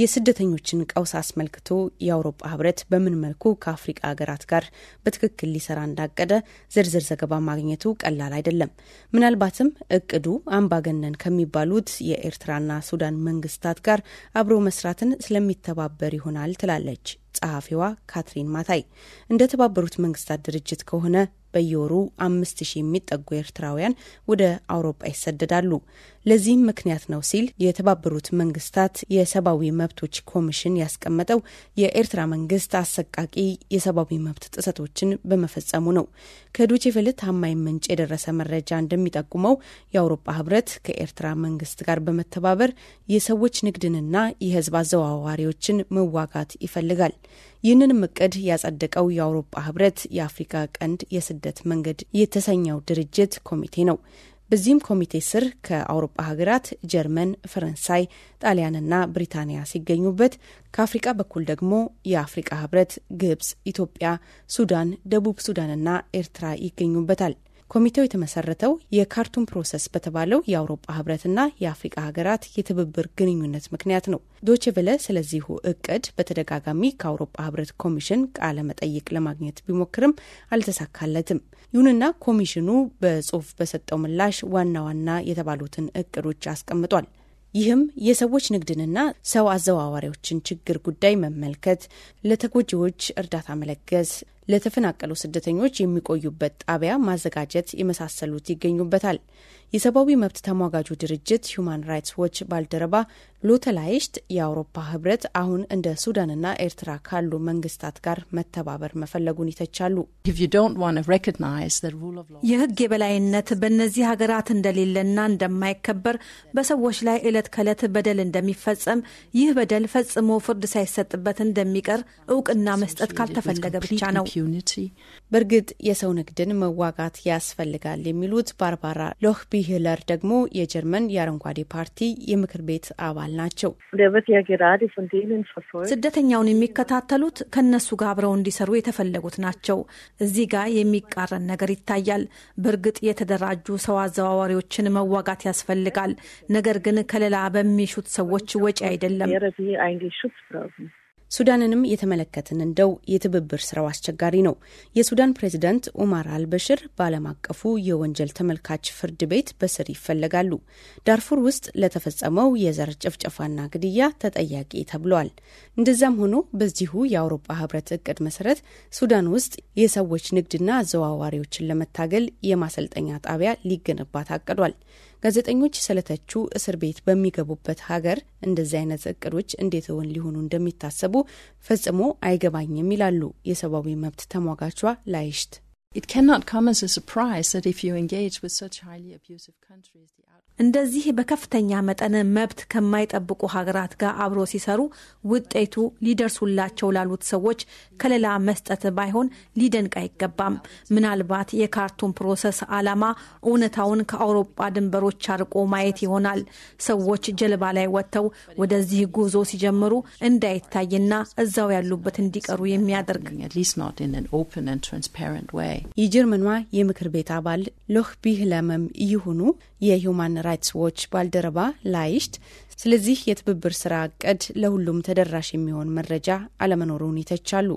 የስደተኞችን ቀውስ አስመልክቶ የአውሮፓ ህብረት በምን መልኩ ከአፍሪቃ ሀገራት ጋር በትክክል ሊሰራ እንዳቀደ ዝርዝር ዘገባ ማግኘቱ ቀላል አይደለም። ምናልባትም እቅዱ አምባገነን ከሚባሉት የኤርትራና ሱዳን መንግስታት ጋር አብሮ መስራትን ስለሚተባበር ይሆናል ትላለች ጸሐፊዋ ካትሪን ማታይ። እንደ ተባበሩት መንግስታት ድርጅት ከሆነ በየወሩ አምስት ሺህ የሚጠጉ ኤርትራውያን ወደ አውሮፓ ይሰደዳሉ። ለዚህም ምክንያት ነው ሲል የተባበሩት መንግስታት የሰብአዊ መብቶች ኮሚሽን ያስቀመጠው የኤርትራ መንግስት አሰቃቂ የሰብአዊ መብት ጥሰቶችን በመፈጸሙ ነው። ከዶቼ ቬለ ታማኝ ምንጭ የደረሰ መረጃ እንደሚጠቁመው የአውሮፓ ህብረት ከኤርትራ መንግስት ጋር በመተባበር የሰዎች ንግድንና የህዝብ አዘዋዋሪዎችን መዋጋት ይፈልጋል። ይህንንም እቅድ ያጸደቀው የአውሮፓ ህብረት የአፍሪካ ቀንድ የስደት መንገድ የተሰኘው ድርጅት ኮሚቴ ነው። በዚህም ኮሚቴ ስር ከአውሮፓ ሀገራት ጀርመን፣ ፈረንሳይ፣ ጣሊያንና ብሪታንያ ሲገኙበት ከአፍሪቃ በኩል ደግሞ የአፍሪቃ ህብረት፣ ግብጽ፣ ኢትዮጵያ፣ ሱዳን፣ ደቡብ ሱዳንና ኤርትራ ይገኙበታል። ኮሚቴው የተመሰረተው የካርቱም ፕሮሰስ በተባለው የአውሮፓ ህብረትና የአፍሪቃ ሀገራት የትብብር ግንኙነት ምክንያት ነው። ዶቼ ቬለ ስለዚሁ እቅድ በተደጋጋሚ ከአውሮፓ ህብረት ኮሚሽን ቃለ መጠይቅ ለማግኘት ቢሞክርም አልተሳካለትም። ይሁንና ኮሚሽኑ በጽሁፍ በሰጠው ምላሽ ዋና ዋና የተባሉትን እቅዶች አስቀምጧል። ይህም የሰዎች ንግድንና ሰው አዘዋዋሪዎችን ችግር ጉዳይ መመልከት፣ ለተጎጂዎች እርዳታ መለገስ፣ ለተፈናቀሉ ስደተኞች የሚቆዩበት ጣቢያ ማዘጋጀት የመሳሰሉት ይገኙበታል። የሰብአዊ መብት ተሟጋጁ ድርጅት ሁማን ራይትስ ዎች ባልደረባ ሎተላይሽት የአውሮፓ ህብረት አሁን እንደ ሱዳንና ኤርትራ ካሉ መንግስታት ጋር መተባበር መፈለጉን ይተቻሉ። የህግ የበላይነት በእነዚህ ሀገራት እንደሌለና እንደማይከበር፣ በሰዎች ላይ ዕለት ከዕለት በደል እንደሚፈጸም፣ ይህ በደል ፈጽሞ ፍርድ ሳይሰጥበት እንደሚቀር እውቅና መስጠት ካልተፈለገ ብቻ ነው። በእርግጥ የሰው ንግድን መዋጋት ያስፈልጋል የሚሉት ባርባራ ሎህቢ ቢህለር ደግሞ የጀርመን የአረንጓዴ ፓርቲ የምክር ቤት አባል ናቸው። ስደተኛውን የሚከታተሉት ከነሱ ጋር አብረው እንዲሰሩ የተፈለጉት ናቸው። እዚህ ጋር የሚቃረን ነገር ይታያል። በእርግጥ የተደራጁ ሰው አዘዋዋሪዎችን መዋጋት ያስፈልጋል። ነገር ግን ከሌላ በሚሹት ሰዎች ወጪ አይደለም። ሱዳንንም የተመለከትን እንደው የትብብር ስራው አስቸጋሪ ነው። የሱዳን ፕሬዝዳንት ኡማር አልበሽር በዓለም አቀፉ የወንጀል ተመልካች ፍርድ ቤት በስር ይፈለጋሉ። ዳርፉር ውስጥ ለተፈጸመው የዘር ጭፍጨፋና ግድያ ተጠያቂ ተብለዋል። እንደዚያም ሆኖ በዚሁ የአውሮፓ ህብረት እቅድ መሰረት ሱዳን ውስጥ የሰዎች ንግድና አዘዋዋሪዎችን ለመታገል የማሰልጠኛ ጣቢያ ሊገነባ ታቅዷል። ጋዜጠኞች ስለተቹ እስር ቤት በሚገቡበት ሀገር እንደዚህ አይነት እቅዶች እንዴት እውን ሊሆኑ እንደሚታሰቡ ፈጽሞ አይገባኝም ይላሉ የሰብአዊ መብት ተሟጋቿ ላይሽት እንደዚህ በከፍተኛ መጠን መብት ከማይጠብቁ ሀገራት ጋር አብሮ ሲሰሩ ውጤቱ ሊደርሱላቸው ላሉት ሰዎች ከሌላ መስጠት ባይሆን ሊደንቅ አይገባም። ምናልባት የካርቱም ፕሮሰስ ዓላማ እውነታውን ከአውሮፓ ድንበሮች አርቆ ማየት ይሆናል። ሰዎች ጀልባ ላይ ወጥተው ወደዚህ ጉዞ ሲጀምሩ እንዳይታይና እዛው ያሉበት እንዲቀሩ የሚያደርግ የጀርመኗ የምክር ቤት አባል ሎህ ቢህለመም እየሆኑ የሁማን ራይትስ ዎች ባልደረባ ላይሽት ስለዚህ የትብብር ስራ እቅድ ለሁሉም ተደራሽ የሚሆን መረጃ አለመኖሩን ይተቻሉ።